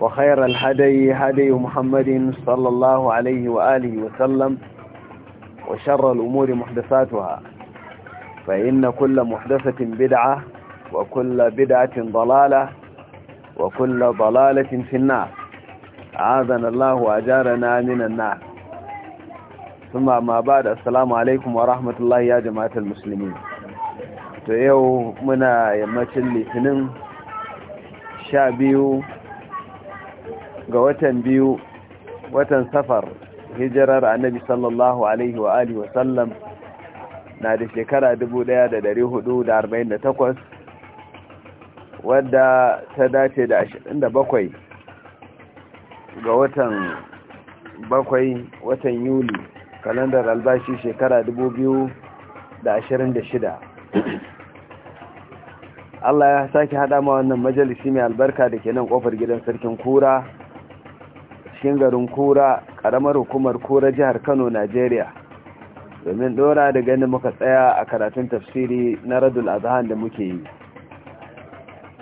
وخير الهدي هدي محمد صلى الله عليه وآله وسلم وشر الأمور محدثاتها فإن كل محدثة بدعة وكل بدعة ضلالة وكل ضلالة في النار أعاذنا الله وأجارنا من النار ثم ما بعد السلام عليكم ورحمة الله يا جماعة المسلمين to yau muna yammacin litinin ga watan biyu watan safar hijirar annabi sallallahu alaihi wa alihi wasallam na da shekara 1448 wadda ta dace da 27 ga watan bakwai watan yuli kalandar albashi shekara 2026 Allah ya sake hada ma wannan majalisi mai albarka da ke nan kofar gidan sarkin kura cikin garin kura karamar hukumar kura jihar kano nigeria domin dora da gani muka tsaya a karatun tafsiri na radul azhan da muke yi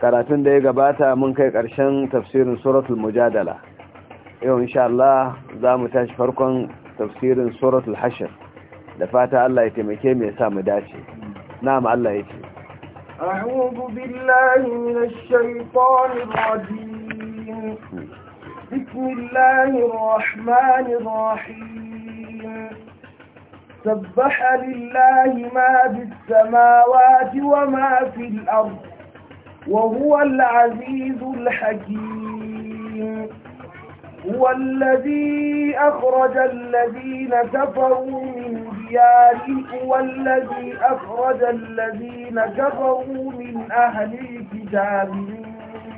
karatun da ya gabata mun kai karshen tafsirin suratul mujadala yau insha Allah za mu tashi farkon tafsirin suratul hashir da fata Allah ya taimake mu ya sa mu dace na'am Allah ce. أعوذ بالله من الشيطان الرجيم بسم الله الرحمن الرحيم سبح لله ما في السماوات وما في الأرض وهو العزيز الحكيم هو الذي أخرج الذين كفروا من ديارهم والذي أخرج الذين كفروا من أهل الكتاب من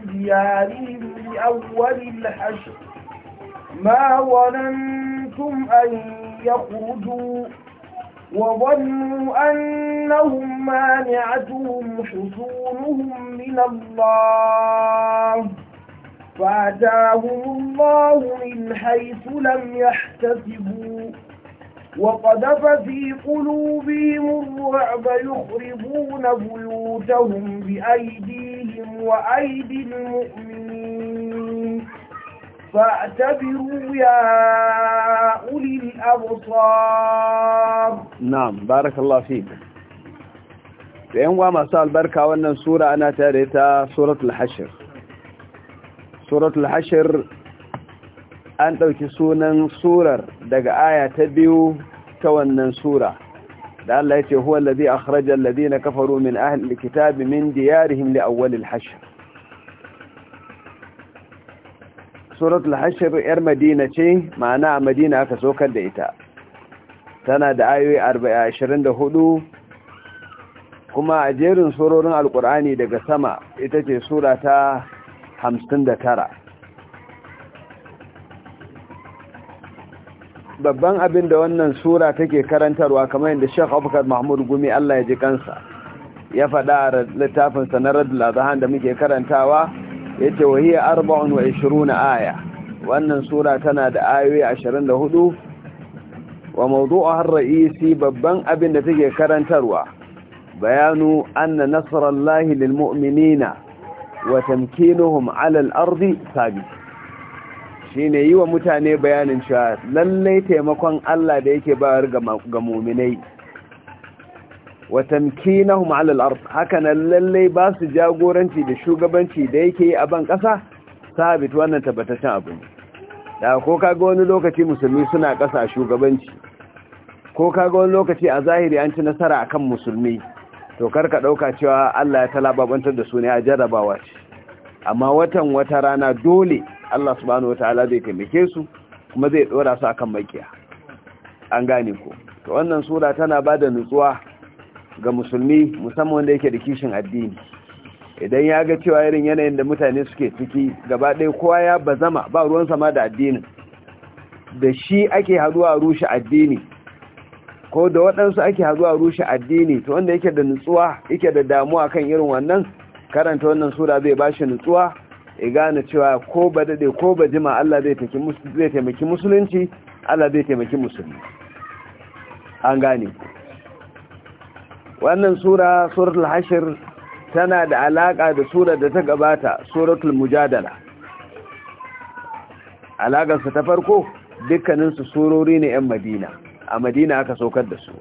ديارهم أول الحشر ما ظننتم أن يخرجوا وظنوا أنهم مانعتهم حصونهم من الله فأتاهم الله من حيث لم يحتسبوا وقذف في قلوبهم الرعب يخربون بيوتهم بأيديهم وأيدي المؤمنين فاعتبروا يا أولي الأبصار نعم بارك الله فيك وما مساء بركة وأن سورة أنا تاريتها سورة الحشر سورة الحشر an ɗauki sunan surar daga aya ta biyu ta wannan sura da Allah ya ce huwa allazi akhraja na kafaru min ahli alkitabi min diyarihim li alhashr suratul hashr yar madina ce ma'ana a madina aka sokar da ita tana da ayoyi 24 kuma a jerin surorin alkur'ani daga sama ita ce sura ta 59 babban abin da wannan sura take karantarwa kamar yadda Sheikh Abubakar Mahmud Gumi Allah ya ji kansa ya faɗa a littafin Sanaradul Azhan da muke karantawa yace wa 24 aya wannan sura tana da ayoyi 24 wa mawdu'uha ar-ra'isi babban abin da take karantarwa bayanu anna nasrallahi lilmu'minina wa tamkinuhum 'ala al-ardi sabit shine yi wa mutane bayanin cewa lallai taimakon Allah da yake bayar ga muminai wa tamkinahum ala al-ard nan lallai ba su jagoranci da shugabanci da yake yi a ban kasa sabit wannan tabbataccen abu da ko kaga wani lokaci musulmi suna kasa shugabanci ko kaga wani lokaci a zahiri an ci nasara akan musulmi to kar ka dauka cewa Allah ya talababantar da su ne a jarrabawa ce amma watan wata rana dole Allah subhanahu wataala zai taimake su kuma zai dora su akan makiya an gane ku. to wannan sura tana bada nutsuwa ga musulmi musamman wanda yake da kishin addini idan ya ga cewa irin yanayin da mutane suke ciki gaba ɗaya kowa ya ba zama, ba ruwan sama da addinin da shi ake haduwa rushe addini ko da waɗansu ake haduwa rushe addini to wanda yake da nutsuwa yake da damuwa kan irin wannan karanta wannan sura zai ba shi nutsuwa ya gane cewa ko ba dade ko ba jima Allah zai taimaki musulunci Allah zai taimaki musulmi an gane wannan sura suratul hashir tana da alaka da sura da ta gabata suratul mujadala alakarsa ta farko dukkaninsu surori ne 'yan madina a madina aka saukar da su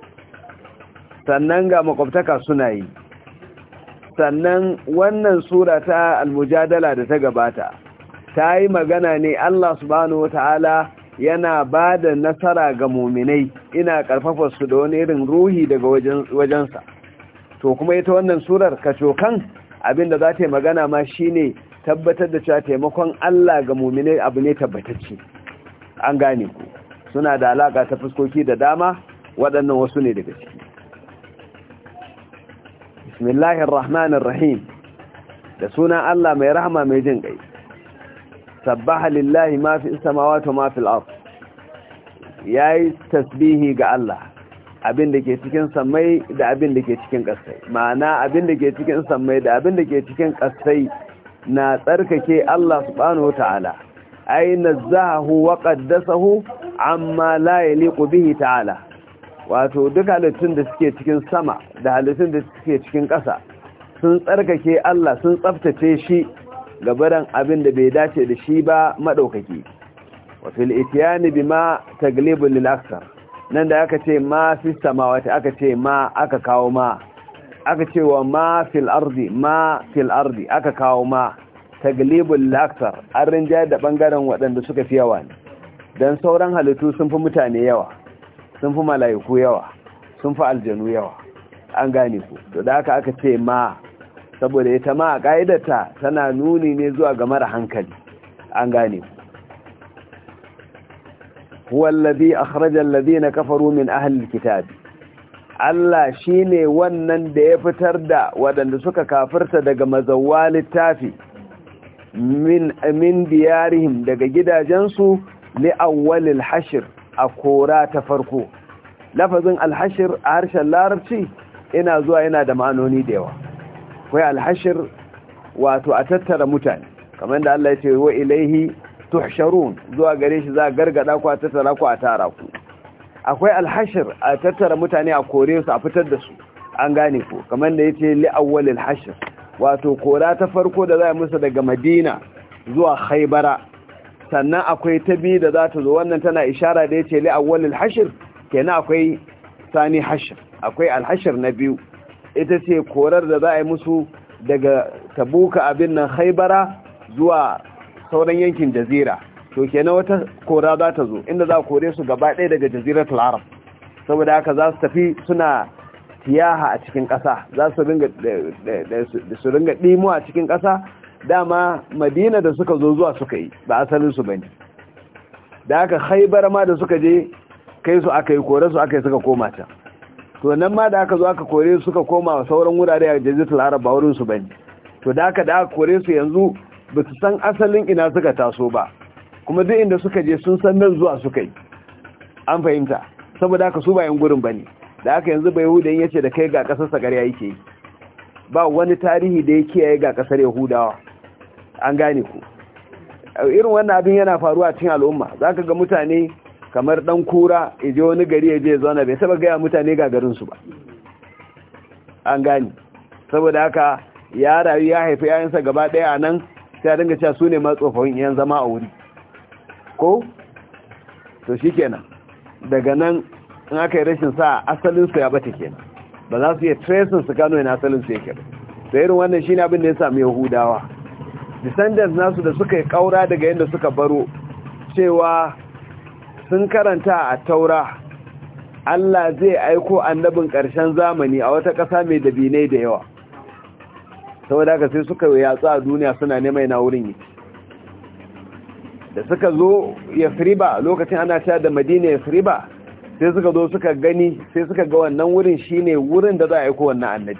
sannan ga makwabtaka suna yi sannan wannan sura ta almujadala da ta gabata ta yi magana ne Allah subhanahu wata'ala yana ba da nasara ga muminai ina karfafa su da wani irin ruhi daga wajensa to kuma ita wannan surar abin abinda za ta yi magana ma shi ne tabbatar da cewa taimakon Allah ga muminai abu ne tabbatacce an gane ku suna da alaka ta fuskoki da dama waɗannan wasu ne daga ciki bismillahir rahmanir rahim da sunan Allah mai rahama mai jin kai sabbaha lillahi ma fi samawati ma fil ard yayi tasbihi ga Allah abin da ke cikin samai da abin da ke cikin kasai ma'ana abin da ke cikin samai da abin da ke cikin kasai na tsarkake Allah subhanahu ta'ala ay nazahu wa qaddasahu amma la yaliqu bihi ta'ala wato duk halittun da suke cikin sama da halittun da suke cikin ƙasa sun tsarkake Allah sun tsaftace shi gabaran abin da bai dace da shi ba maɗaukaki wafil itiyani bi ma taglibin lil'aksar nan da aka ce ma fi wata aka ce ma aka kawo ma aka ce wa ma fil ardi ma fil ardi aka kawo ma taglibin lil'aksar an rinjaya da ɓangaren waɗanda suka fi yawa ne don sauran halittu sun fi mutane yawa sun fi malayiku yawa sun fi aljanu yawa an gane ku to da aka aka ce ma saboda ita ma a tana nuni ne zuwa ga mara hankali an gane ku huwallazi akhraja allazina kafaru min ahli kitabi. Allah shine wannan da ya fitar da waɗanda suka kafirta daga mazawwa littafi min min diyarihim daga gidajensu li awwalil hashir. a kora ta farko lafazin alhashir a harshen larabci ina zuwa yana da ma'anoni da yawa kai alhashir wato a tattara mutane kamar da Allah ya ce wa ilaihi tuhsharun zuwa gare shi za a gargada ku a tattara ku a tara ku akwai alhashir a tattara mutane a kore su a fitar da su an gane ku kamar da yace li awwalil hashir wato kora ta farko da za a musu daga Madina zuwa Khaybara sannan akwai ta biyu da za ta zo wannan tana ishara da ya ce li awwalil hashir kenan akwai sani hashir akwai alhashir na biyu ita ce korar da za a yi musu daga tabuka abin nan haibara zuwa sauran yankin jazira to kenan wata kora za ta zo inda za a kore su gaba ɗaya daga jaziratul arab saboda haka za su tafi suna tiyaha a cikin ƙasa za su ringa ɗimo a cikin ƙasa dama madina da suka zo zuwa suka yi ba asalinsu ba ne da aka haibar ma da suka je kai su aka yi kore su aka yi suka koma ta to nan ma da aka zo aka kore suka koma wa sauran wurare a jazitul arab ba wurinsu ba ne to da aka da aka kore su yanzu ba su san asalin ina suka taso ba kuma duk inda suka je sun san nan zuwa suka yi an fahimta saboda haka su bayan gurin ba ne da aka yanzu bai hudu ya ce da kai ga sa ƙarya yake yi ba wani tarihi da ya kiyaye ga kasar yahudawa an gane ku irin wannan abin yana faruwa cikin al'umma za ka ga mutane kamar dan kura ya je wani gari ya je zauna bai saba gaya mutane ga su ba an gane saboda haka ya rayu ya haifi yayansa gaba ɗaya a nan sai a dinga cewa su ne matsofin yan zama a wuri ko to shi daga nan in aka yi rashin sa asalinsu ya bata kenan ba za su iya tresin su gano yana asalin shekaru da irin wannan shi ne abin da ya sami yahudawa descendants nasu da suka yi kaura daga yadda suka baro cewa sun karanta a taura Allah zai aiko annabin ƙarshen zamani a wata ƙasa mai dabinai da yawa saboda haka sai suka yi yatsa a duniya suna neman na wurin yi da suka zo ya lokacin ana cewa da madina ya sai suka zo suka gani sai suka ga wannan wurin shine wurin da za a aiko wannan annabi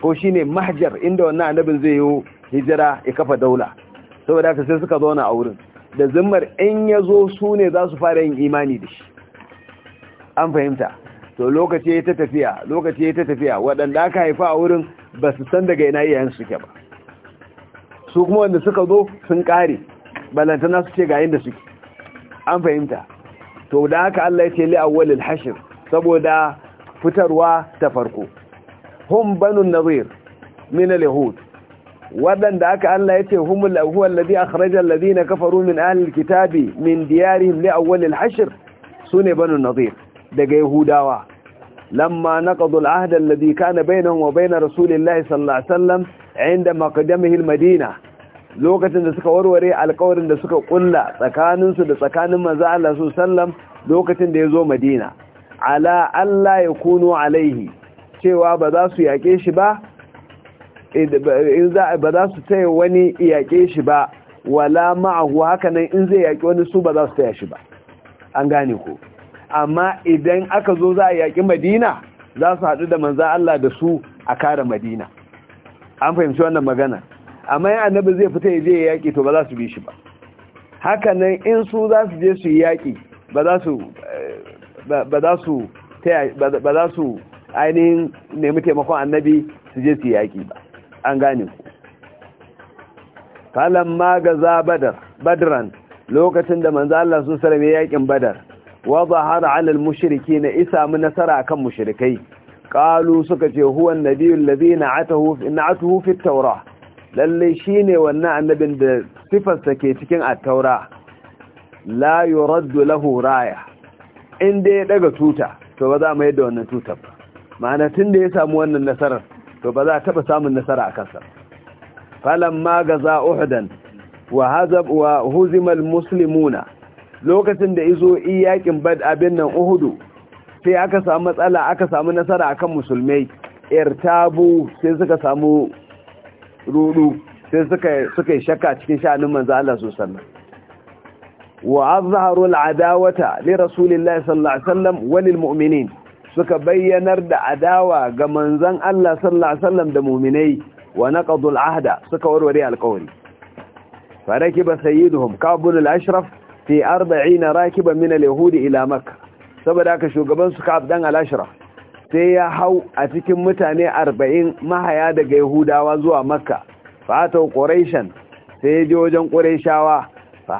ko shine mahajar inda wannan annabin zai yi hijira ya kafa daula saboda haka sai suka zauna a wurin da zimmar in ya zo su ne za su fara yin imani da shi an fahimta to lokaci ya tafiya lokaci ya tafiya waɗanda aka haifa a wurin ba su san daga ina iyayen suke ba su kuma wanda suka zo sun kare balantana su ce ga inda suke an fahimta to da haka Allah ya ce li awwalil hashr saboda fitarwa ta farko hum banu nazir min al wadanda haka Allah ya ce humul huwa alladhi akhraja alladhina kafaru min ahli kitabi min diyarihim li awwalil hashr sune banu nazir daga yahudawa lamma نقضوا العهد الذي كان بينهم wa رسول الله صلى الله عليه وسلم عند مقدمه lokacin da suka warware alkawarin da suka kulla tsakaninsu da tsakanin manzo Allah su sallam lokacin da ya zo Madina ala Allah ya kuno alaihi cewa ba za su yaƙe shi ba ba za su taya wani yaƙe shi ba wala ma'ahu hakanan in zai yaƙi wani su ba za su taya shi ba an gane ku amma idan aka zo za a yaƙi madina za su haɗu da manza Allah da su a kare madina an fahimci wannan magana amma yin annabi zai fita ya je ya yaƙi to ba za su bi shi ba haka nan in su za su je su yi yaƙi ba za su ainihin nemi taimakon annabi su je su yi yaƙi ba an gane ku falon magaza badran lokacin da manzo Allah sun sarame yaƙin badar wa zahara alal mushiriki na isa mu nasara akan mushirikai ƙalu suka ce huwan annabiyul ladhi na'atuhu na'atuhu fi at-taurah lalle ne wannan annabin da sifarsa ke cikin attaura la yuraddu lahu raya inda ya daga tuta to ba za mu yadda wannan tutar ba ma'ana da ya samu wannan nasarar to ba za a taba samun nasara a kansa falamma gaza uhudan wa hazab wa huzimal muslimuna lokacin da izo iyakin bad abin nan uhudu sai aka samu matsala aka samu nasara akan musulmai irtabu sai suka samu rudu sai suka yi shakka cikin sha'anin manzo Allah su sannan wa azharu al'adawata li rasulillahi sallallahu alaihi wasallam suka bayyanar da adawa ga manzon Allah sallallahu da mu'minai wa naqadul ahda suka warware alƙawari farakiba sayyiduhum kabul al-ashraf fi 40 rakiban min al-yahudi ila makkah saboda haka shugaban su ka'ab dan al sai ya hau a cikin mutane arba'in mahaya daga yahudawa zuwa makka fata ƙorashen sai ya je wajen ƙorashawa fa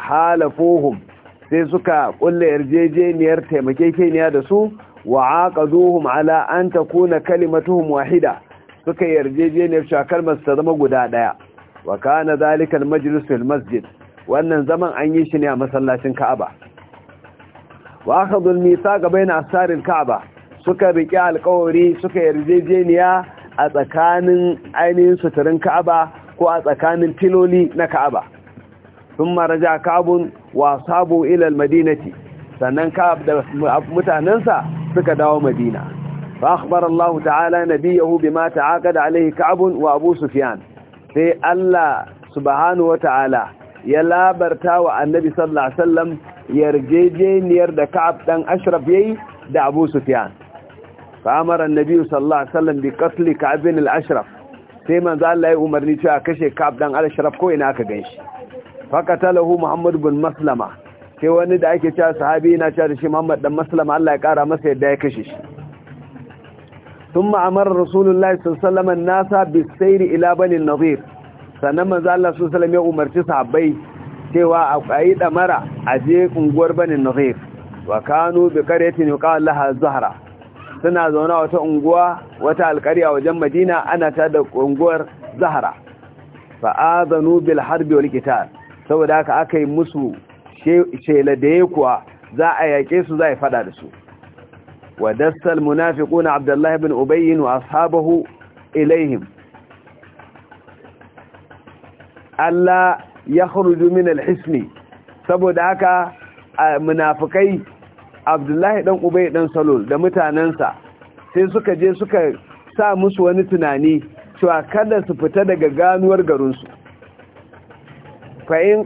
sai suka ƙulla yarjejeniyar taimakekeniya da su wa aqaduhum ala an kuna kalimatuhun wahida suka yarjejeniyar shakar masu ta zama guda ɗaya wa kana zalika masjid wannan zaman an yi shi ne a masallacin Ka'aba wa aka zulmi sa yana yana kaaba Muka riƙe alkawari suka yarjejeniya a tsakanin ainihin suturin ka'aba ko a tsakanin tiloli na ka'aba sun maraja kabun wa sabu ilal madinati sannan ka'ab da mutanensa suka dawo madina akhbar Allah ta'ala nabiyahu bima ta'aqada alayhi ka'abun wa abu sufyan sai Allah subhanahu ya labarta wa annabi sallallahu yarjejeniyar da ka'ab ɗan ashraf yayi da abu sufyan فأمر النبي صلى الله عليه وسلم بقتل كعب بن الأشرف سيما ذال لأي أمرني تأكشي كعب دان الأشرف كوين أكاقينش فقتله محمد بن مسلمة sai wani da ake cewa sahabi na cewa da shi Muhammad dan Maslama Allah ya kara masa yadda ya kashe shi thumma amara rasulullahi sallallahu alaihi wasallam an-nasa bis ila bani an-nadir sannan manzo Allah sallallahu alaihi wasallam ya umarci sahabbai cewa a yi damara a je unguwar bani an wa kanu bi qaryatin yuqal suna zaune wata unguwa wata a wajen madina ana ta da unguwar zahara fa'azanu bil harbi wal qital saboda haka aka yi musu shela da ya kuwa za a yaƙe su za a fada da su wa dassal munafiquna abdullahi bin ubay wa ashabahu ilaihim Allah ya kharuju min al-hisni saboda haka munafikai abdullahi ɗan ubay dan salul da mutanensa sai suka je suka sa musu wani tunani cewa kada su fita daga ganuwar garinsu fa in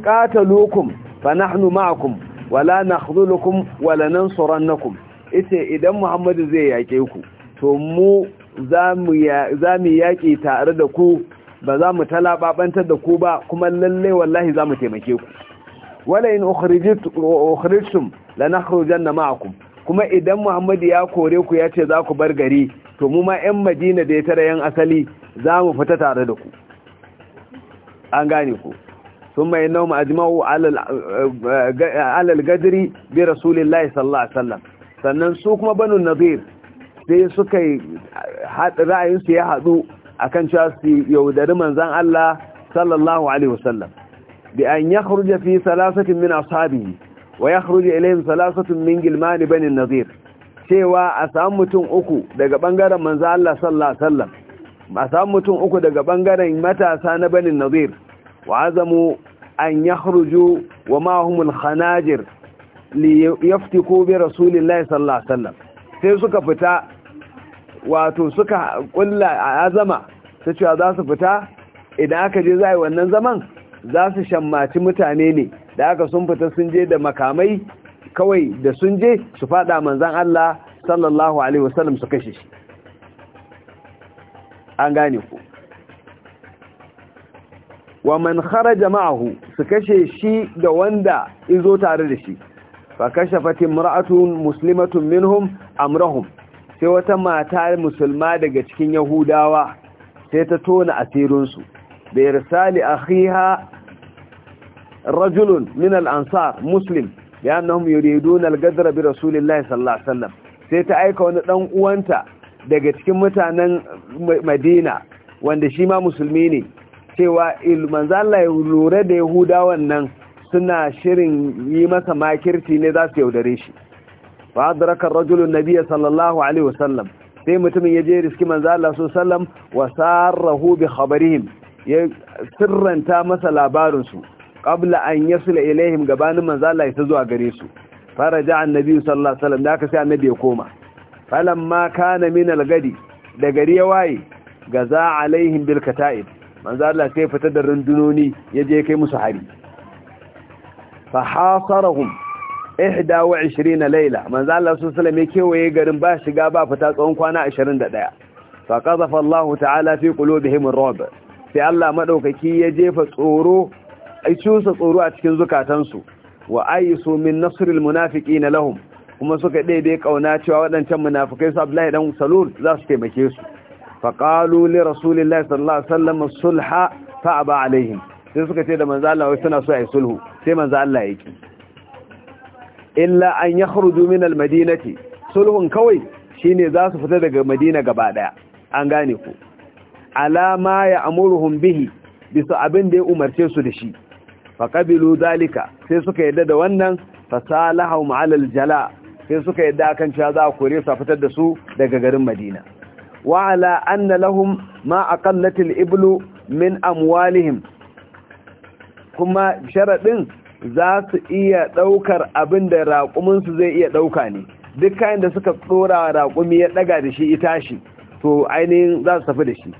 fa nahnu ma'akum wala nakhdhulukum wala nansurannakum ite idan muhammadu zai yake ku to mu za mu yaƙi tare da ku ba za mu talababantar da ku ba kuma lalle wallahi za mu taimake ku wala in ukhrijtum lanakhrujanna ma'akum kuma idan Muhammadu ya kore ku ya ce za ku bar gari to mu ma 'yan Madina da ya tara 'yan asali za mu fita tare da ku an gane ku sun mai nau ma'ajimawo alal eh, gajiri bi rasulillahi sallallahu alaihi wasallam sannan su kuma banu nazir sai suka yi ra'ayinsu ya haɗu a kan cewa su yaudari manzan Allah sallallahu alaihi wasallam bi an ya fi salasatin min ashabihi wa ya haruji ilayin salasatun min gilmani bani nazir cewa a samu mutum uku daga bangaren manzo Allah sallallahu alaihi wasallam a samu mutum uku daga bangaren matasa na bani nazir wa azamu an yakhruju wa ma humul khanajir li yaftiku bi rasulillahi sallallahu alaihi wasallam sai suka fita wato suka kulla azama ta cewa za su fita idan aka je za yi wannan zaman za su shammaci mutane ne da aka sun fita sun je da makamai kawai da sun je su fada manzan Allah sallallahu alaihi wasallam su kashe shi an gane ku wa man kharaja ma'ahu su kashe shi da wanda izo tare da shi fa fatin imra'atun muslimatun minhum amrahum sai wata mata musulma daga cikin yahudawa sai ta tona asirinsu su bi irsali akhiha رجل من الأنصار مسلم لأنهم يريدون القدر برسول الله صلى الله عليه وسلم سيتأيك ونطلق وانت daga cikin mutanen madina wanda shi ma musulmi ne cewa manzala ya lura da yahudawan wannan suna shirin yi masa makirci ne za su yaudare shi ba hadarakar rajulun nabiya sallallahu alaihi wasallam sai mutumin ya je riski manzala su sallam wa sarrahu bi khabarihim ya sirranta masa labarinsu qabla an yasula ilaihim gabanin manzo Allah ya zuwa gare su faraja annabi sallallahu alaihi wasallam da aka sai annabi ya koma falamma kana min algadi da gari ya waye gaza alaihim bil kata'ib manzo Allah sai fita da rundunoni yaje kai musu hari fa hasarahum 21 layla manzo Allah sallallahu alaihi wasallam ya kewaye garin ba shiga ba fita tsawon kwana 21 fa qadhafa Allah ta'ala fi qulubihim ar-ra'b sai Allah maɗaukaki ya jefa tsoro ai cusa tsoro a cikin zukatansu wa ayisu min nasril na lahum kuma suka daidai kauna cewa waɗancan munafikai su Abdullahi dan Salul za su taimake su qalu li rasulillahi sallallahu alaihi wasallam sulha fa aba alaihim sai suka ce da manzo Allah wai suna so ai sulhu sai manzo Allah yake illa an yakhruju min almadinati sulhun kawai shine za su fita daga Madina gaba daya an gane ku alama ya amuruhum bihi bisa abin da ya umarce su da shi faqabilu zalika sai suka yadda da wannan fasalahu ma'alal jala sai suka yadda kan cewa za a kore su a fitar da su daga garin Madina wa ala anna lahum ma aqallatil iblu min amwalihim kuma sharadin za su iya daukar abin da raƙumin su zai iya dauka ne duk kayan da suka tsora raƙumi ya daga da shi itashi to ainihin za su tafi da shi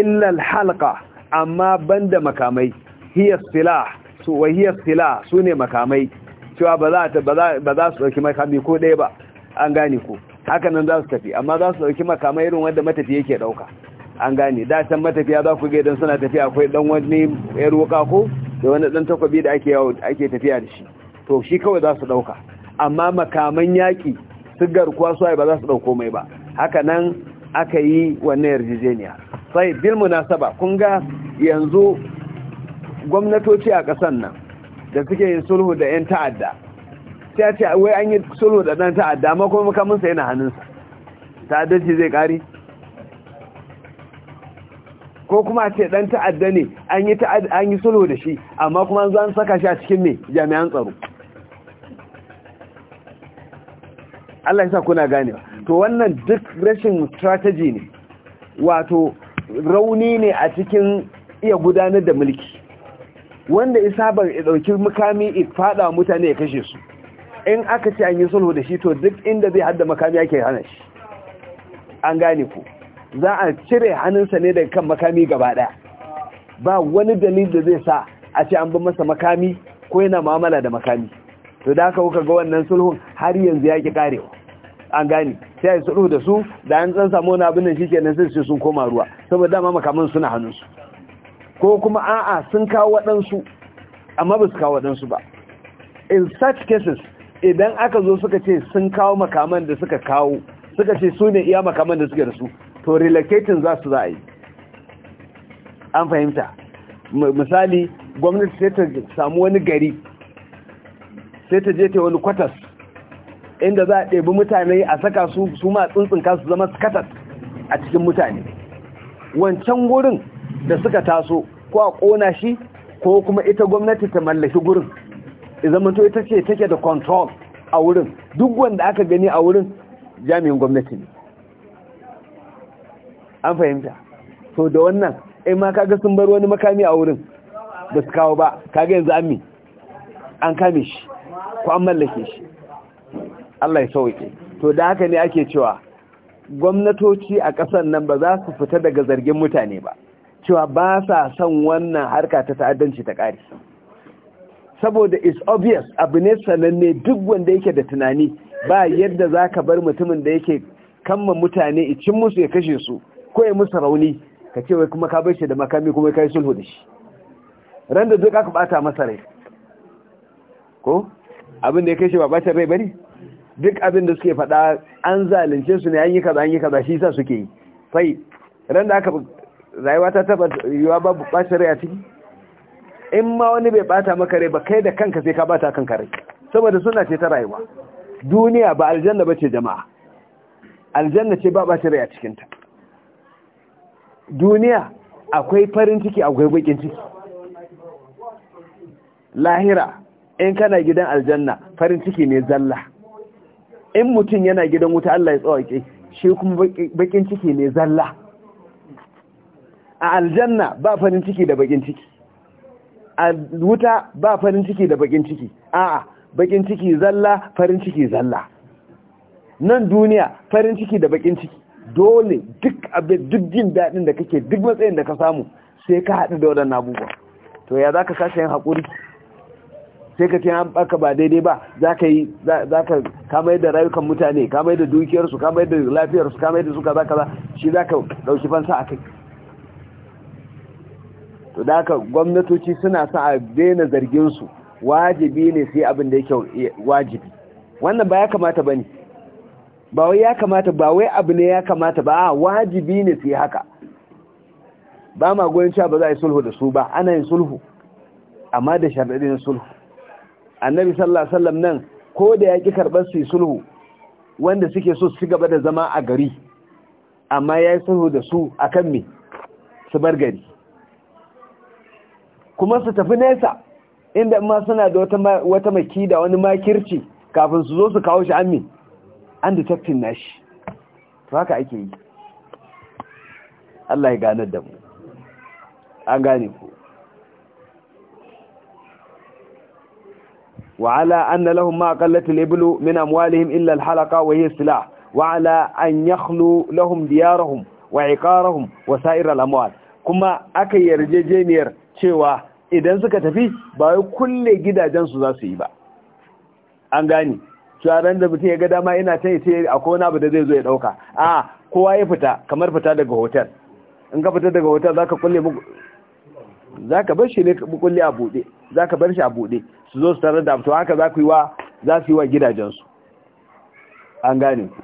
illa halqa amma banda makamai hiya silah su wa hiya silah sune makamai cewa ba za ta ba za su dauki makami ko ɗaya ba an gane ko haka nan za su tafi amma za su dauki makamai irin wanda matafi yake dauka an gane da san matafiya za ku ga idan suna tafiya akwai dan wani ya roka ko da wani dan takwabi da ake yawo ake tafiya da shi to shi kawai za su dauka amma makaman yaki su garkuwa su ba za su dauko mai ba haka nan aka yi wannan yarjejeniya sai bil munasaba kun ga yanzu gwamnatoci a ƙasan nan da suke yin sulhu da 'yan ta'adda sai ce wai an yi sulhu da ɗan ta'adda ma kuma makaminsa yana hannunsa ta'addanci zai ƙari ko kuma ce ɗan ta'adda ne an yi an yi sulhu da shi amma kuma zan saka shi a cikin ne jami'an tsaro Allah ya sa kuna ganewa to wannan duk rashin strategy ne wato rauni ne a cikin iya gudanar da mulki wanda isabar ya ɗauki mukami ya fada mutane ya kashe su in aka ce an yi sulhu da shi to duk inda zai hada makami yake hana shi an gane ku za a cire hannunsa ne daga kan makami gaba ɗaya. ba wani dalil da zai sa a ce an bi masa makami ko yana mu'amala da makami to da aka kuka ga wannan sulhun har yanzu ya ki karewa an gani sai a yi da su da an san samu wani abin nan sai su sun koma ruwa saboda dama makaman suna hannunsu ko kuma a'a sun kawo waɗansu amma ba su kawo waɗansu ba in such cases idan aka zo suka ce sun kawo makaman da suka kawo suka ce su ne iya makaman da suke da su to relocating za su za a yi an fahimta misali gwamnati sai ta samu wani gari sai ta je ta wani kwatas inda za a ɗebi mutane a saka su su ma tsuntsunka su zama katas a cikin mutane wancan wurin da suka taso ko a ƙona shi ko kuma ita gwamnati ta mallaki gurin izamanto ita ce take da control a wurin duk wanda aka gani a wurin jami'in gwamnati ne an fahimta so da wannan ai ma kaga sun bar wani makami a wurin ba su kawo ba kaga yanzu an mi an kame shi ko an mallake shi Allah ya sauke to da haka ne ake cewa gwamnatoci a ƙasar nan ba za su fita daga zargin mutane ba cewa ba sa son wannan harka ta ta'addanci ta ƙari saboda is obvious abu ne sananne duk wanda yake da tunani ba yadda za ka bar mutumin da yake kamma mutane icin musu ya kashe su ko ya musu rauni ka ce wai kuma ka bar shi da makami kuma kai sulhu da shi ran da duk aka bata masa rai ko abin da ya kashe ba bacin rai bane duk abin da suke faɗa an zalunce su ne an yi kaza an yi kaza shi sa suke yi sai ran da aka rayuwa ta taba yiwa babu ɓacin rai a ciki in ma wani bai bata maka rai ba kai da kanka sai ka bata kanka rai saboda suna ce ta rayuwa duniya ba aljanna ba ce jama'a aljanna ce ba ɓacin rai a cikinta duniya akwai farin ciki akwai bakin ciki lahira in kana gidan aljanna farin ciki ne zalla in mutum yana gidan wuta Allah ya tsawake shi kuma bakin ciki ne zalla a aljanna ba farin ciki da bakin ciki a wuta ba farin ciki da bakin ciki a'a bakin ciki zalla farin ciki zalla nan duniya farin ciki da bakin ciki dole duk abin duk jin daɗin da kake duk matsayin da ka samu sai ka haɗu da waɗannan abubuwa to ya za ka sashe yin haƙuri sai ka tiyan baka ba daidai ba za ka yi za ka kamar yadda rayukan mutane kamar yadda dukiyarsu kamar yadda lafiyarsu kamar suka za ka za shi za ka ɗauki fansa a kai to da ka gwamnatoci suna sa a daina zarginsu wajibi ne sai abin da yake wajibi wannan ba ya kamata ba ne ba wai ya kamata ba wai abu ne ya kamata ba a wajibi ne sai haka ba ma goyon cewa ba za a yi sulhu da su ba ana yin sulhu amma da sharaɗin sulhu annabi sallallahu alaihi wasallam nan ko da yaki karban su sulhu wanda suke so su gaba da zama a gari amma ya yi sulhu da su akan me su bar gari kuma su tafi nesa inda ma suna da wata maki da wani makirci kafin su zo su kawo shi ammi an detectin nashi to haka ake yi Allah ya ganar da mu an gane ku وعلى أن لهم ما قلت الإبل من أموالهم إلا الحلقة وهي السلاح وعلى أن يخلوا لهم ديارهم وعقارهم وسائر الأموال كما أكي يرجي يرججينير شوى إذن سكتفي باو كل جدا جنس ذا سيبا أنغاني sharan da mutum ya ga dama ina can sai a kona abu da zai zo ya dauka a kowa ya fita kamar fita daga hotel in ka fita daga hotel zaka kulle za ka bar shi ne mukulli a buɗe za ka bar shi a buɗe su zo su tarar da to haka za ku yi wa za su yi wa gidajensu an gane ku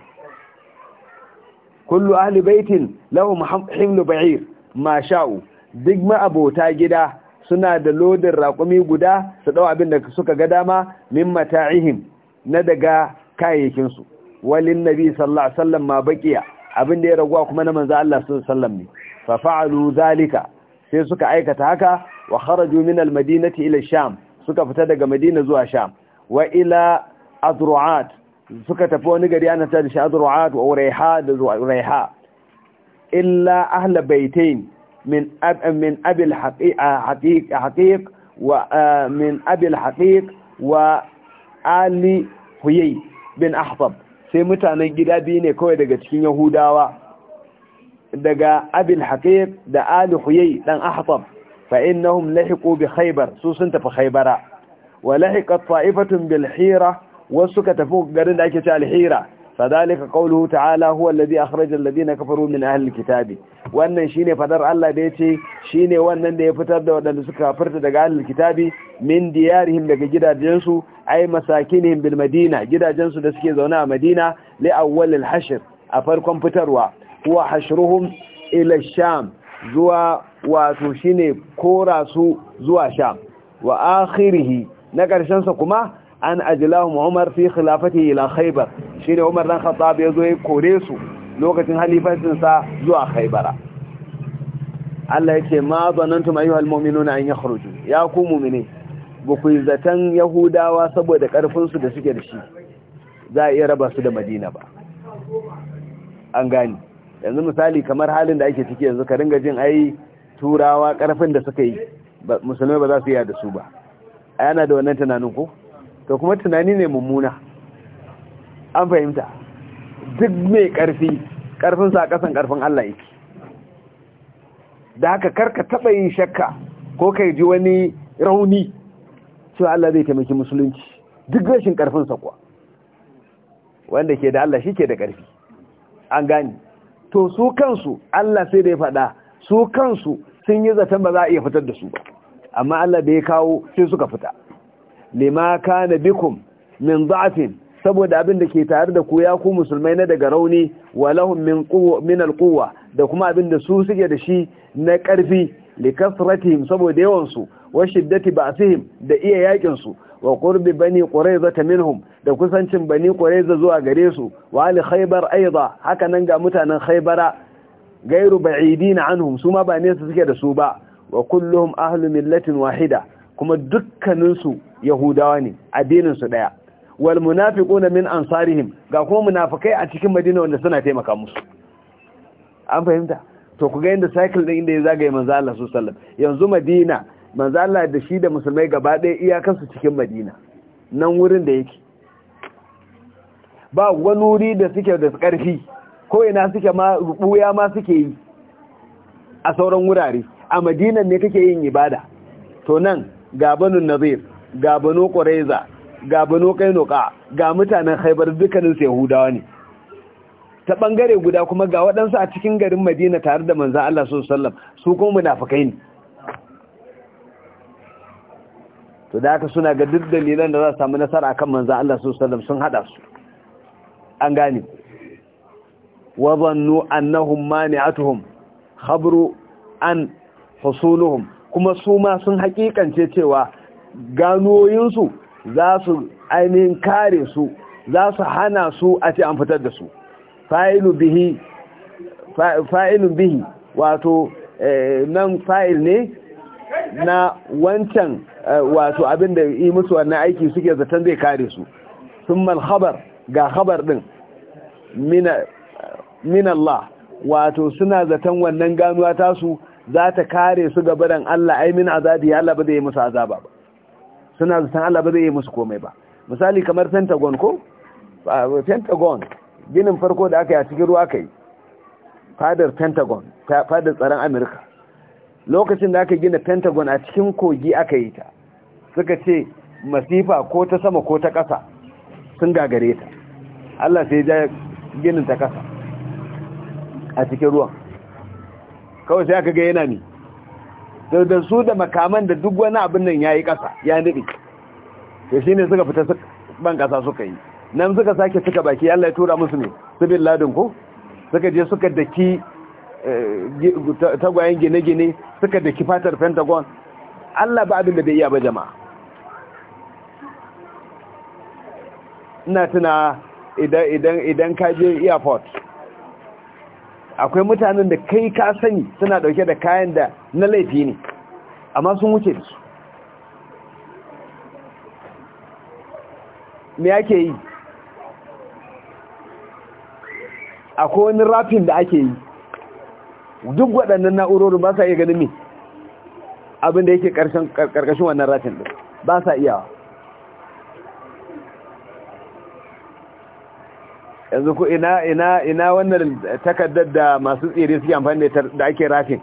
kullu ahli baitin lahum himlu ba'ir ma sha'u duk ma'abota gida suna da lodin raƙumi guda su ɗau abin da suka ga dama min mata'ihim na daga kayayyakinsu walin nabi sallallahu alaihi wasallam ma baqiya abin da ya raguwa kuma na manzo Allah sallallahu alaihi wasallam ne fa fa'alu zalika sai suka aikata haka wa kharaju min al-madinati ila sham suka fita daga madina zuwa sham wa ila azruat suka tafi wani gari ana ta da shi azruat wa uraiha da uraiha illa ahla baitain min ab min abi al-haqiq haqiq wa eh, min abi al-haqiq wa ali huyay bin ahbab sai mutanen gida biyu ne kawai daga cikin yahudawa daga abin haƙiƙ da alihuyai ɗan ahatam fa’in na hun lahiƙo bi haibar su sun tafi haibara wa lahiƙa fa’ifatun bilhira wasu suka tafi garin da ake ce alhira fadalika ƙaunuhu ta’ala huwa ladi a harajin ladi na kafaru min ahalin kitabi wannan shi ne fadar Allah da ya ce shi ne wannan da ya fitar da waɗanda suka furta daga ahalin kitabi min diyarihim daga gidajensu ai masakinihim bil madina gidajensu da suke zaune a madina li awwalil hashir a farkon fitarwa wa hashruhum ila sham zuwa wato shine kora su zuwa sham wa akhirih na karshen sa kuma an ajlahu umar fi khilafati ila khaybar shine umar dan khattab yazo ya kore su lokacin halifancin sa zuwa khaybara Allah yake ma zanantum ayyuhal mu'minuna an yakhruju ya ku mu'mini buku ku zatan yahudawa saboda karfin su da suke da shi za a iya raba su da madina ba an gani yanzu misali kamar halin da ake ciki yanzu ka dinga jin ai turawa karfin da suka yi musulmai ba za su yi da su ba a yana da wannan tunanin ko to kuma tunani ne mummuna an fahimta duk mai karfi karfin a kasan karfin Allah yake da haka karka taba yin shakka ko kai ji wani rauni cewa Allah zai taimaki musulunci duk rashin sa kuwa wanda ke da Allah shi ke da karfi an gani to su kansu Allah sai da ya faɗa su kansu sun yi zaton ba za a iya fitar da su ba amma Allah da ya kawo sai suka fita lima na bikum min zafin saboda abin da ke tare da ku ya ku musulmai na daga rauni wa min quwwa min da kuma abin da su suke da shi na karfi likasratihim saboda yawan su wa shiddati ba'sihim da iya yakin su wa qurbi bani ta minhum da kusancin bani quraiza zuwa gare su wa al khaybar aiza haka nan ga mutanen khaybara gairu ba'idina anhum su ma ba ne su suke da su ba wa kulluhum ahlu millatin wahida kuma dukkanin su yahudawa ne addinin su daya wal munafiquna min ansarihim ga kuma munafikai a cikin madina wanda suna taimaka musu an fahimta to ku ga inda cycle din inda ya zagaye manzo Allah sallallahu alaihi wasallam yanzu madina manzo Allah da shi da musulmai gaba ɗaya iyakansu cikin madina nan wurin da yake ba wani wuri da suke da ƙarfi ko ina suke ma buya ma suke yi a sauran wurare a madina ne kake yin ibada to nan ga banu nazir ga banu quraiza ga banu kainuka ga mutanen khaybar dukkanin su yahudawa ne ta bangare guda kuma ga waɗansu a cikin garin madina tare da manzo Allah sallallahu alaihi wasallam su kuma munafikai ne to da haka suna ga duk dalilan da za su samu nasara akan manzan Allah su sallam sun hada su an gane wa zannu annahum mani'atuhum khabru an husuluhum kuma su ma sun hakikance cewa su za su ainihin kare su za su hana su a ce an fitar da su fa'ilu bihi fa'ilun bihi wato eh, nan fa'il ne na wancan eh, wato abin da yi musu wannan aiki suke zaton zai kare su sun malhabar ga habar din min Allah wato suna zaton wannan ganuwa tasu za ta kare su gabaran Allah ai min azabi Allah ba zai yi musu azaba ba suna zaton Allah ba zai yi musu komai ba misali kamar pentagon ko pentagon ginin farko da aka yi a cikin ruwa kai fadar pentagon fadar tsaron amurka lokacin da aka gina pentagon a cikin kogi aka yi ta suka ce masifa ko ta sama ko ta ƙasa sun gagare ta allah sai ya ginin ta ƙasa a cikin ruwan kawai sai aka ga yana ne da su da makaman da duk wani abin nan ya yi ƙasa ya niɗi ya shi ne suka fita ban ƙasa suka yi nan suka sake suka baki allah ya tura musu ne su bin ladin ko suka je suka daki Eh, tagwayen gine-gine suka daki fatar pentagon allah ba abin da bai iya ba jama'a ina tuna idan ka je airport akwai mutanen da kai ka sani suna dauke da kayan da na laifi ne amma sun wuce da su me ake yi akwai wani rafin da ake yi duk waɗannan na'urorin ba sa iya ganin mi abin da yake ƙarƙashin wannan ratin ɗin ba sa iyawa yanzu ku ina ina ina wannan takaddar da masu tsere suke amfani da ake rafin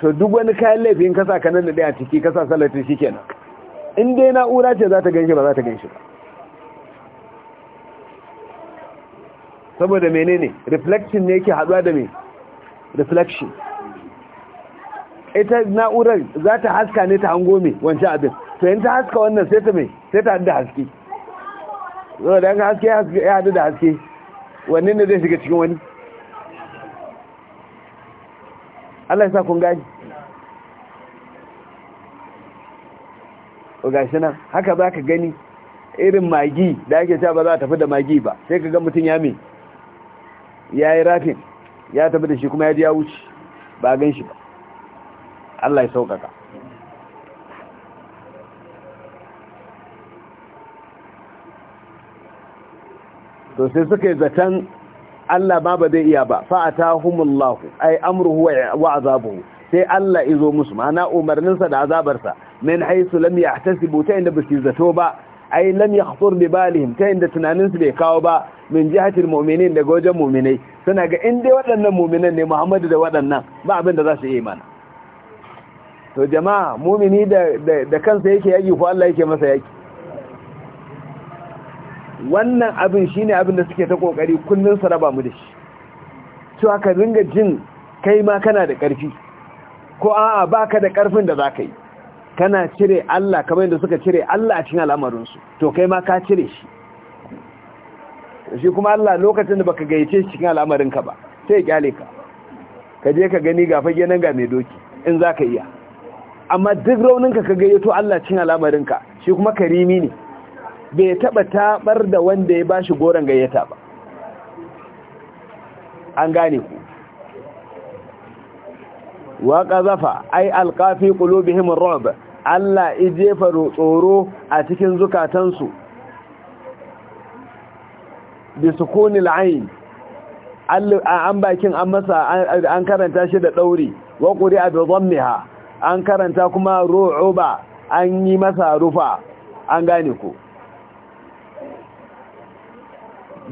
to duk wani kayan laifin kasa kanan da daya ciki kasa salatin shi kenan in dai na'ura ce za ta ganshi ba za ta ganshi ba saboda menene reflection ne yake haɗuwa da mai reflection ita na'urar za ta haska ne ta hango mai wancan abin to yin ta haska wannan sai ta mai sai ta da haske zuwa da haske ya hadu da haske wanne ne zai shiga cikin wani Allah ya sa kun gani ga shi nan haka ba ka gani irin magi da ake cewa ba za a tafi da magi ba sai ka ga mutum ya mai ya yi rafin ya tafi da shi kuma ya ya wuce ba gan shi ba Allah ya sauƙaƙa to sai suka yi zaton Allah ba ba zai iya ba fa'ata humullahu ai amruhu wa azabuhu sai Allah izo musu ma'ana umarninsa da azabarsa min haisu lam yahtasibu ta inda yi zato ba ai lam yahsur bi balihim ta inda tunanin su bai kawo ba min jihatil mu'minin daga wajen mu'minai suna ga in dai waɗannan mu'minan ne Muhammadu da waɗannan ba abin da za su yi mana to jama'a mu'mini da da kansa yake yaki ko Allah yake masa yaki wannan abin shine abin da suke ta kokari kullun su raba mu da shi to aka ringa jin kai ma kana da karfi ko a'a baka da karfin da zaka yi kana cire Allah kamar yadda suka cire Allah a cikin al'amarinsu to kai ma ka cire shi shi kuma Allah lokacin da baka gayyace shi cikin al'amarinka ba sai ya kyale ka ka je ka gani ga fage nan ga mai doki in za ka iya amma duk rauninka ka gayyato Allah cikin al'amarinka shi kuma karimi ne bai taba tabar da wanda ya bashi goron gayyata ba an gane ku wa qazafa ay alqafi qulubihim ar-ru'b Allah ijefa tsoro a cikin zukatansu bi sukunil ayn an bakin an masa an karanta shi da dauri wa quri'a bi dhammiha an karanta kuma ru'uba an yi masa rufa an gane ku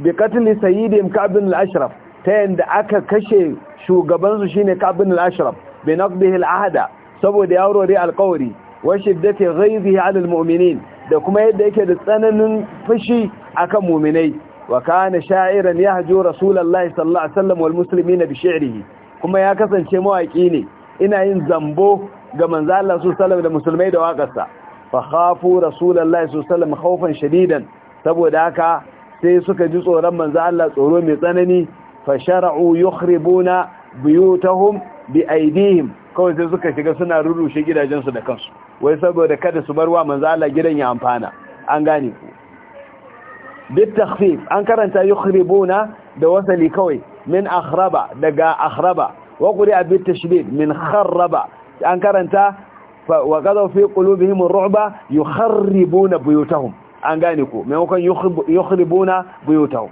bi katli sayyidim ka'b al-ashraf ta yanda aka kashe shugabansu shine ka'b al-ashraf bi naqdihi al-ahda saboda ya rori alƙawari wa shiddati ghaizihi 'ala al-mu'minin da kuma yadda yake da tsananin fushi akan mu'minai wa kana sha'iran yahju rasulullahi sallallahu alaihi wasallam wal muslimina bi shi'rihi kuma ya kasance mawaki ne ina yin zambo ga manzo Allah sallallahu alaihi wasallam da musulmai da waƙarsa fa khafu rasulullahi sallallahu alaihi wasallam khawfan shadidan saboda haka sai suka ji tsoron manzo Allah tsoro mai tsanani fa shar'u yukhribuna buyutahum bi aidihim kawai sai suka shiga suna rurushe gidajensu da kansu wai saboda kada su bar wa manzo Allah gidan ya amfana an gane ku bit takhfif an karanta yukhribuna da wasali kawai min akhraba daga akhraba wa quri bit tashdid min kharraba an karanta wa qadaw fi qulubihim ar-ru'ba yukharribuna buyutahum an gane ku maimakon yukhribuna buyutahum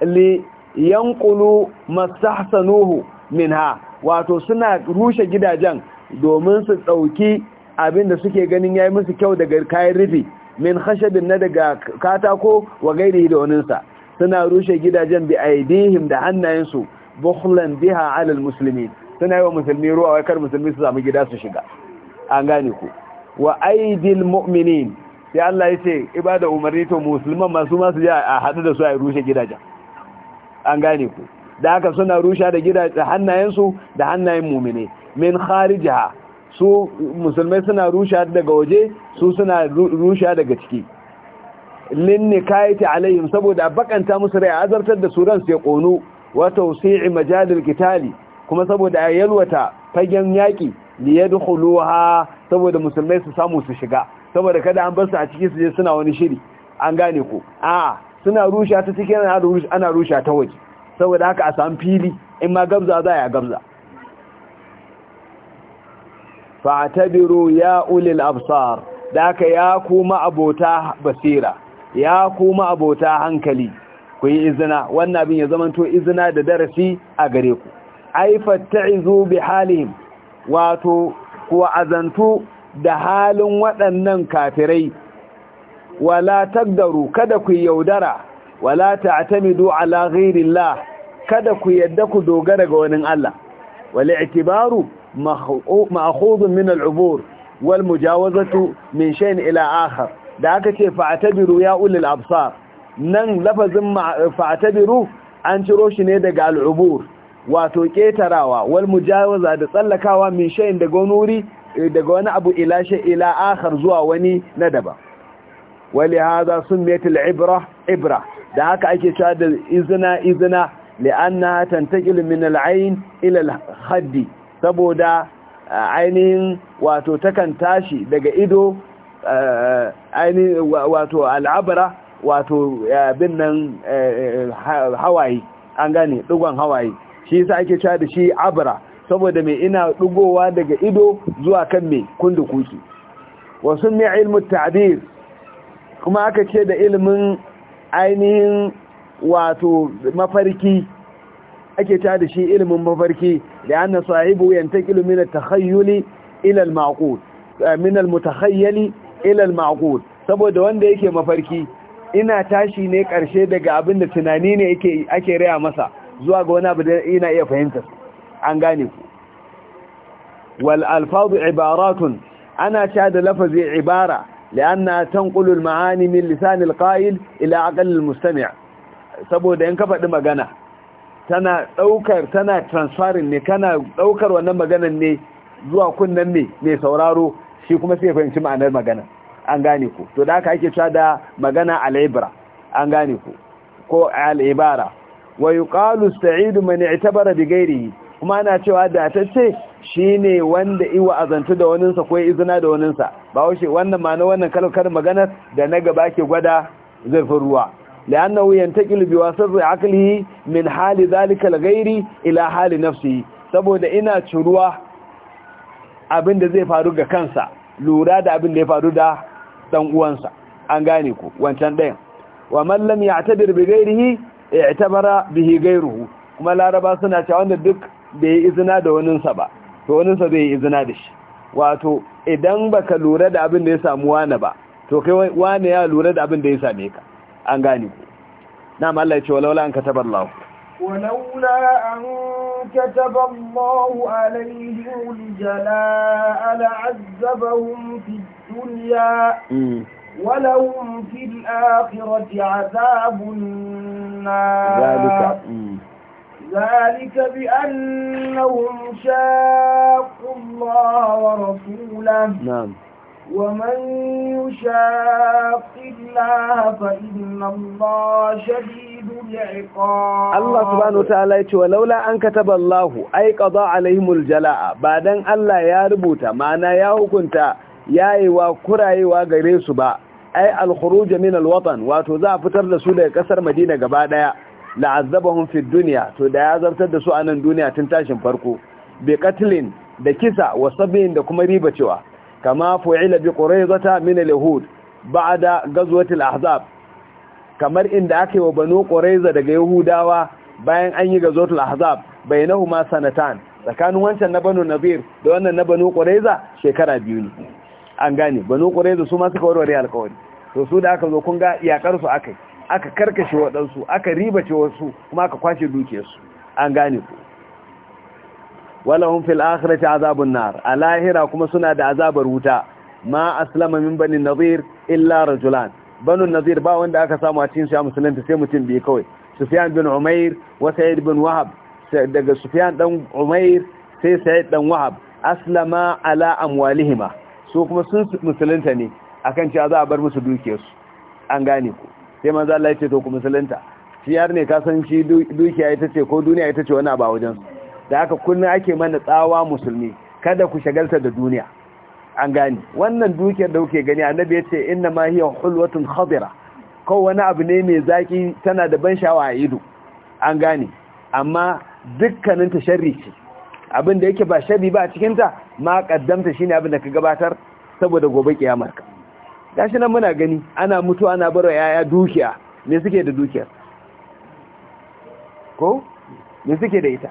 li yanqulu mastahsanuhu minha wato suna rushe gidajen domin su ɗauki abin da suke ganin ya yi musu kyau daga kayan rufi min hashabin na daga katako wa gairi da suna rushe gidajen bi aidihim da hannayensu bukhlan biha alal musulmi suna yi wa musulmi ruwa wai kar musulmi su sami gida su shiga an gane ku wa aidil mu'minin sai Allah ya ce ibada umarni to musulman masu masu ja a hadu da su a rushe gidajen an gane ku da haka suna rusha da gida da hannayensu da hannayen mumine min kharijaha su musulmai suna rusha daga waje su suna rusha daga ciki lin nikayati alaihim saboda bakanta musu rai azartar da suran sai kono wa tawsi'i majalil qitali kuma saboda yalwata fagen yaki li yadkhuluha saboda musulmai su samu su shiga saboda kada an bar su a ciki su je suna wani shiri an gane ko a'a suna rusha ta cikin ana rusha ta waje saboda haka a sami fili in ma gamza za a ya gamza fa'tabiru ya ulil absar da haka ya kuma abota basira ya kuma abota hankali ku yi izina wannan abin ya zamanto izina da darasi a gare ku ai fatta'izu bi halihim wato kuwa azantu da halin waɗannan kafirai wala tagdaru kada ku yaudara wala ta'tamidu ala ghairillah kada ku yadda ku dogara ga wani Allah wal i'tibaru ma'khudun min al'ubur wal mujawazatu min shay'in ila akhar da aka ce fa'tabiru ya ulul absar nan lafazin fa'tabiru an ciro shi ne daga al'ubur wato ketarawa wal mujawaza da tsallakawa min shay'in daga wani daga wani abu ila shay ila akhar zuwa wani na daba wali hadha summiyat al ibra ibra da haka ake cewa da izina izina li'anna tantakil min al-'ayn ila al-haddi saboda eh, ainihin wato takan tashi daga ido eh, ainihin wato al'abara wato eh, bin hawaye an gane dugon hawaye shi yasa ake cewa da shi abara saboda mai ina dugowa daga ido zuwa kan mai kundukuki wasu mai ilmin ta'adir kuma aka ce da ilmin ainihin wato mafarki ake ta da shi ilimin mafarki da anna sahibu yanta ilimin takhayyuli ila al-ma'qul eh, min al-mutakhayyali ila al-ma'qul saboda wanda yake mafarki ina tashi ne karshe daga abin da tunani ne yake ake raya masa zuwa ga wani abu da ina iya fahimta an gane ku wal alfaz ibaratun ana ta da lafazi ibara li'anna tanqulu al-ma'ani min lisan ila saboda yan ka faɗi magana tana daukar tana transferring ne kana daukar wannan maganar ne zuwa kunnen me mai sauraro shi kuma sai fahimci ma'anar magana an gane ku to da haka ake cewa da magana al-ibra an gane ku ko al-ibara wa yuqalu ista'idu man i'tabara bi ghairihi kuma ana cewa da ta ce shi ne wanda iwa azantu da waninsa ko izina da waninsa ba wannan ma na wannan kalkar maganar da na gaba ke gwada zurfin ruwa ta لأنه ينتقل بواسطة عقله min hali ذلك gairi ila hali nafsi. saboda ina ciruwa abin da zai faru ga kansa lura da abin da ya faru da dan uwansa an gane ku wancan ɗayan wa man lam ya'tabir bi ghairihi i'tabara bihi ghairuhu kuma laraba suna cewa wanda duk bai yi izina da waninsa ba to waninsa zai yi izina da shi wato idan baka lura da abin da ya samu wane ba to kai wane ya lura da abin da ya same ka an gane ku na Allah ce walaula an kataba Allah walaula an kataba Allah alaihim aljalaa la'azzabahum fid dunya ولهم في الآخرة عذاب النار ذلك ذلك بأنهم شاقوا الله ورسوله نعم ومن يشاق الله فإن الله شديد العقاب الله سبحانه وتعالى يقول لولا أن كتب الله أي قضاء عليهم الجلاء بعدن الله يا ربوتا معنا يا هكنت يا إيوا كرا إيوا غريسبا أي الخروج من الوطن وتذا فتر لسولة كسر مدينة قبادة la'azzabahum fi Duniya, to da ya zartar da su a nan duniya tun tashin farko bi qatlin da kisa wa sabin da kuma riba cewa kama fu'ila bi quraizata min al-yahud ba'da ghazwat al-ahzab kamar inda aka wa banu quraiza daga yahudawa bayan an yi ghazwat al-ahzab bainahuma sanatan tsakanin wancan na banu nadir da wannan na banu quraiza shekara biyu ne an gane banu quraiza su ma suka warware alƙawari to su da aka zo kun ga iyakar su akai aka karkashe waɗansu aka ribace wasu kuma aka kwashe dukiyarsu an gane ku walahum fil akhirati azabun nar a lahira kuma suna da azabar wuta ma aslama min bani nazir illa rajulan banu nazir ba wanda aka samu a cikin shi a musulunta sai mutum biyu kawai sufyan bin umair wa sa'id bin wahab daga sufyan dan umair sai sa'id dan wahab aslama ala amwalihima su kuma sun musulunta ne akan cewa za a bar musu dukiyarsu an gane ku sai manzo Allah ya ce to ku musulunta shi yar ne ka san shi dukiya ita ce ko duniya ita ce wani abu a wajen da haka kullun ake mana tsawa musulmi kada ku shagalta da duniya an gani wannan dukiyar da kuke gani annabi ya ce inna ma hiya hulwatun khadira ko wani abu ne mai zaki tana da ban sha'awa a ido an gani amma dukkanin ta sharri ce abin da yake ba sharri ba a cikin ta ma kaddamta shine abin da ka gabatar saboda gobe kiyamar ka gashi nan muna gani ana mutu ana barwa yaya dukiya me suke da dukiyar ko me suke da ita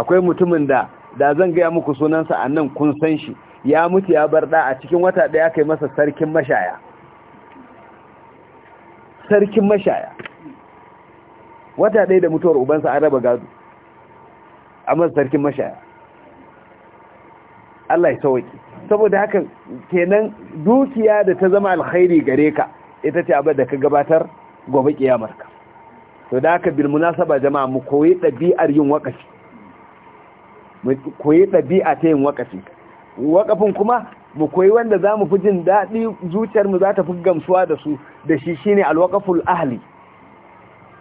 akwai mutumin da da zan gaya muku sunansa a nan kun san shi ya mutu ya bar da a cikin wata ɗaya kai masa sarkin mashaya sarkin mashaya wata ɗaya da mutuwar ubansa an raba gado a masa sarkin mashaya Allah ya sauki saboda haka kenan dukiya da ta zama alkhairi gare ka ita ce abin da ka gabatar gobe kiyamarka to da haka bil munasaba jama'a mu koyi dabi'ar yin wakafi mu koyi ɗabi'a ta yin wakafi wakafin kuma mu koyi wanda za mu fi jin daɗi zuciyar mu za ta fi gamsuwa da su da shi shine alwaqaful ahli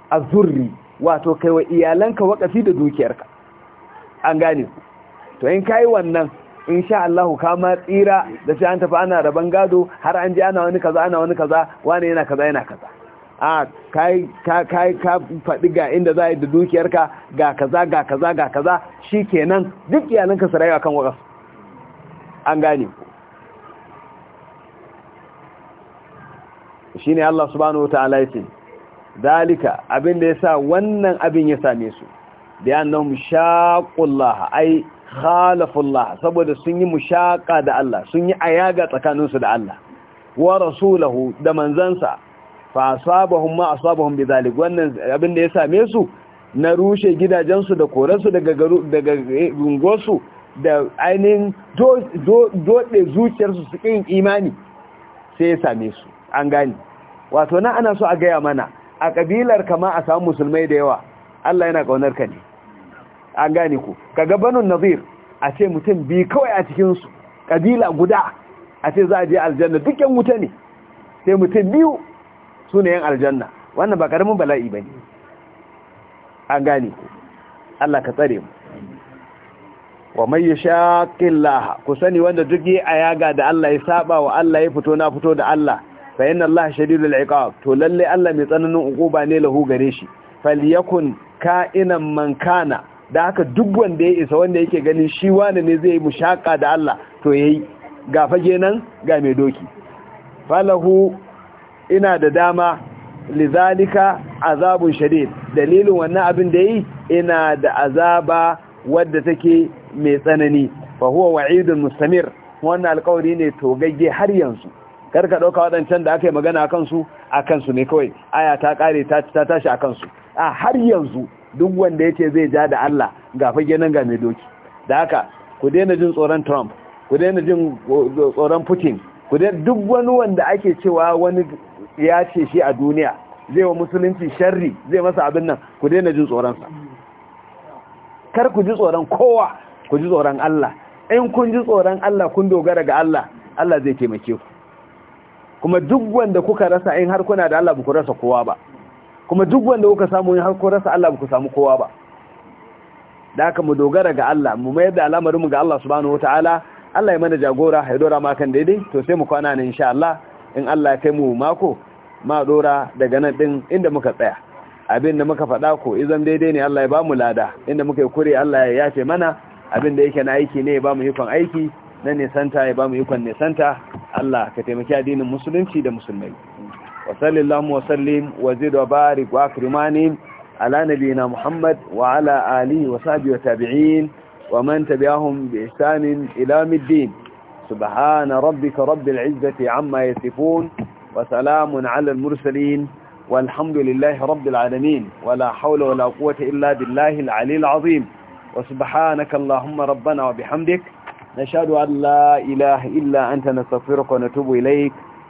azurri wato kai wa iyalanka wakafi da dukiyarka an gane to in kai wannan sha Allah ka ma tsira da sai an tafi ana raban gado har an ji ana wani kaza ana wani kaza wani yana kaza yana kaza a kai ka kai ka fadi ga inda za a yi da dukiyarka ga kaza ga kaza ga kaza shikenan duk iyalanka su rayuwa kan wakas an gane ku shine Allah subhanahu wataala yace dalika abin da yasa wannan abin ya same su bayan nan shaqullaha ai khalafullah saboda sun yi mushaƙa da Allah sun yi ayaga tsakaninsu da Allah wa rasulahu da manzansa fa asabahum ma asabahum bidhalik wannan abin da ya same su na rushe gidajensu da koransu daga daga gungosu da ainihin dode zuciyarsu su cikin imani sai ya same su an gani wato na ana so a gaya mana a kabilar kama a samu musulmai da yawa Allah yana kaunar ka ne an gane ku kaga banun nazir a ce mutum bi kawai a cikinsu kabila guda a ce za a je aljanna duk wuta ne sai mutum biyu su ne aljanna wannan ba karamin bala'i ba ne an gane ku Allah ka tsare mu wa mai ya shaƙin laha ku sani wanda duk yi a yaga da Allah ya saba wa Allah ya fito na fito da Allah fa yin Allah shadidul iqab to lalle Allah mai tsananin ba ne lahu gare shi falyakun ka'inan man kana da haka duk wanda ya isa wanda yake ganin shi wani ne zai yi mushaƙa da Allah to yayi ga fage nan ga mai doki falahu ina da dama lizalika azabun shadid dalilin wannan abin da yi ina da azaba wadda take mai tsanani fa huwa wa'idun mustamir wannan alƙawari ne gagge har yanzu karka ɗauka waɗancan da aka yi magana a kansu a kansu ne kawai aya ta ƙare ta tashi a kansu a har yanzu duk wanda ya zai ja da Allah ga fage nan ga mai doki da haka ku daina jin tsoron Trump ku daina jin tsoron Putin ku daina duk wani wanda ake cewa wani ya ce shi a duniya zai wa musulunci sharri zai masa abin nan ku daina jin tsoronsa kar ku ji tsoron kowa ku ji tsoron Allah in kun ji tsoron Allah kun dogara ga Allah Allah zai taimake ku kuma duk wanda kuka rasa in har kuna da Allah ba ku rasa kowa ba kuma duk wanda kuka samu har ko rasa Allah ku samu kowa ba da haka mu dogara ga Allah mu mayar da alamarin mu ga Allah subhanahu wataala Allah ya mana jagora ya dora kan daidai to sai mu kwana ne insha Allah in Allah ya kai mu mako ma dora daga nan din inda muka tsaya abin da muka faɗa ko idan daidai ne Allah ya ba mu lada inda muka yi kure Allah ya yace mana abin da yake na aiki ne ya ba mu ikon aiki na nisanta ya ba mu ikon nisanta Allah ka taimaki addinin musulunci da musulmai وصل اللهم وسلم وزد وبارك واكرماني على نبينا محمد وعلى آله وصحبه وتابعين ومن تبعهم بإحسان إلى الدين سبحان ربك رب العزة عما يصفون وسلام على المرسلين والحمد لله رب العالمين ولا حول ولا قوة إلا بالله العلي العظيم وسبحانك اللهم ربنا وبحمدك نشهد أن لا إله إلا أنت نستغفرك ونتوب إليك